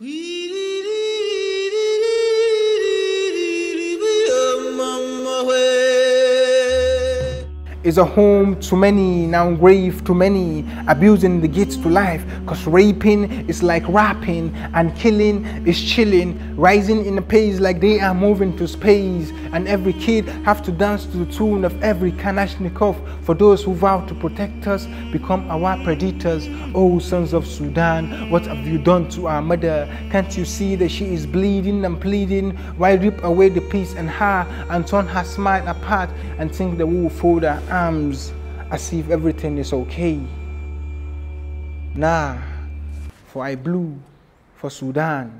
We is a home to many, now grave to many, abusing the gates to life. Because raping is like rapping, and killing is chilling, rising in a pace like they are moving to space. And every kid have to dance to the tune of every Kalashnikov for those who vow to protect us, become our predators. Oh, sons of Sudan, what have you done to our mother? Can't you see that she is bleeding and pleading? Why rip away the peace and her and turn her smile apart and think that we will fold her comes as if everything is okay. Nah, for I blew for Sudan.